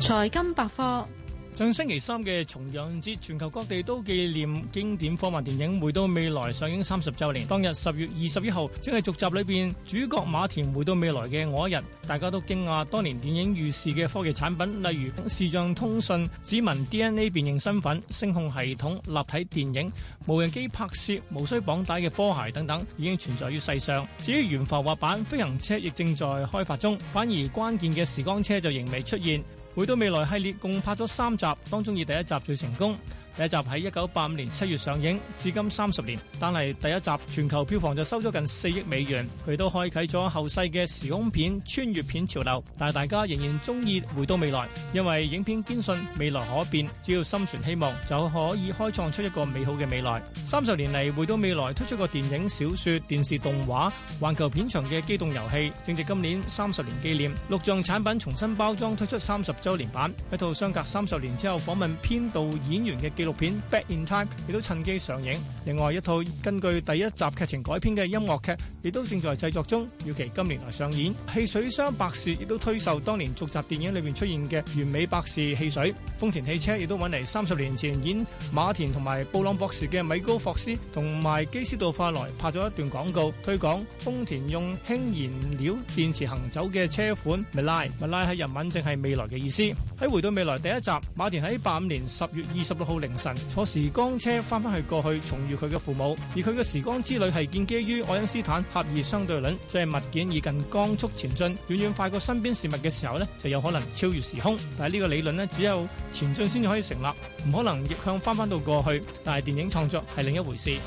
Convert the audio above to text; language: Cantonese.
財金百貨。上星期三嘅重陽節，全球各地都紀念經典科幻電影《回到未來》上映三十週年。當日十月二十一號，正係續集裏邊主角馬田回到未來嘅嗰一日，大家都驚訝，當年電影預視嘅科技產品，例如視像通訊、指紋 DNA 辨認身份、聲控系統、立體電影、無人機拍攝、無需綁帶嘅波鞋等等，已經存在於世上。至於懸浮滑板、飛行車亦正在開發中，反而關鍵嘅時光車就仍未出現。《回到未來》系列共拍咗三集，當中以第一集最成功。第一集喺一九八五年七月上映，至今三十年，但係第一集全球票房就收咗近四億美元，佢都開啟咗後世嘅時空片、穿越片潮流。但係大家仍然中意回到未來，因為影片堅信未來可變，只要心存希望就可以開創出一個美好嘅未來。三十年嚟，回到未來推出過電影、小說、電視動畫、環球片場嘅機動遊戲，正值今年三十年紀念，錄像產品重新包裝推出三十周年版，一套相隔三十年之後訪問編導、演員嘅記錄。片《Back in Time》亦都趁機上映，另外一套根據第一集劇情改編嘅音樂劇亦都正在製作中，預期今年來上演。汽水商百事亦都推售當年續集電影裏面出現嘅完美百事汽水。豐田汽車亦都搵嚟三十年前演馬田同埋布朗博士嘅米高霍斯同埋基斯道法來拍咗一段廣告，推廣豐田用氫燃料電池行走嘅車款。Mirai，Mirai 係日文，正係未來嘅意思。喺回到未來第一集，馬田喺八五年十月二十六號嚟凌坐時光車翻翻去過去重遇佢嘅父母，而佢嘅時光之旅係建基於愛因斯坦狹義相對論，即係物件以近光速前進，遠遠快過身邊事物嘅時候呢，就有可能超越時空。但係呢個理論呢，只有前進先至可以成立，唔可能逆向翻翻到過去。但係電影創作係另一回事。